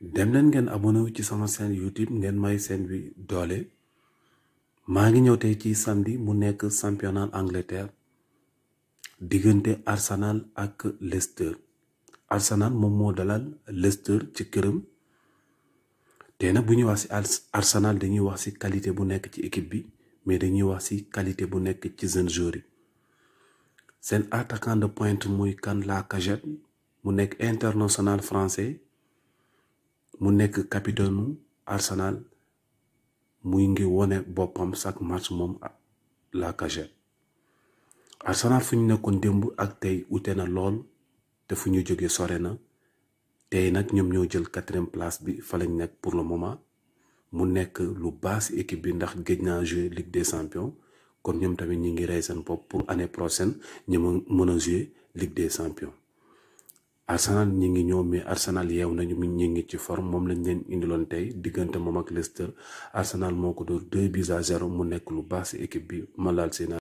dem leen ngeen abonné wu ci sama seen YouTube ngeen may seen bi doole maa ngi ñëw tey ci samedi mu nekk championnat Angleterre diggante Arsenal ak Leicester Arsenal moom moo dalal Leicester ci këram te nag bu ñuy wax ci Arsenal dañuy wax ci qualité bu nekk ci équipe bi mais dañuy wax ci qualité bu nekk ci jeunes jour yi seen attaquant de pointe muy Kan Lacazette mu nekk international français. mu nekk capitaine Arsenal muy ngi wane boppam chaque marche moom la cachette Arsenal fu ñu nekkoon démb ak tey ute na lool te fu ñu jógee sore na tey nag ñoom ñoo jël quatrième place bi fa lañ nekk pour le moment mu nekk lu baas équipe bi ndax géej naa jouer Ligue des Champions kon ñoom tamit ñi ngi rey seen bopp pour année prochaine ñu mën a jouer Ligue des champion Arsenal ñi ngi ñëw mais Arsenal yeew nañu ñi ngi ci forme moom lañu leen indiloon tey diggante moom ak Leicester Arsenal moo ko dóor deux buts à zéro mu nekk lu baax si équipe bi ma laal seen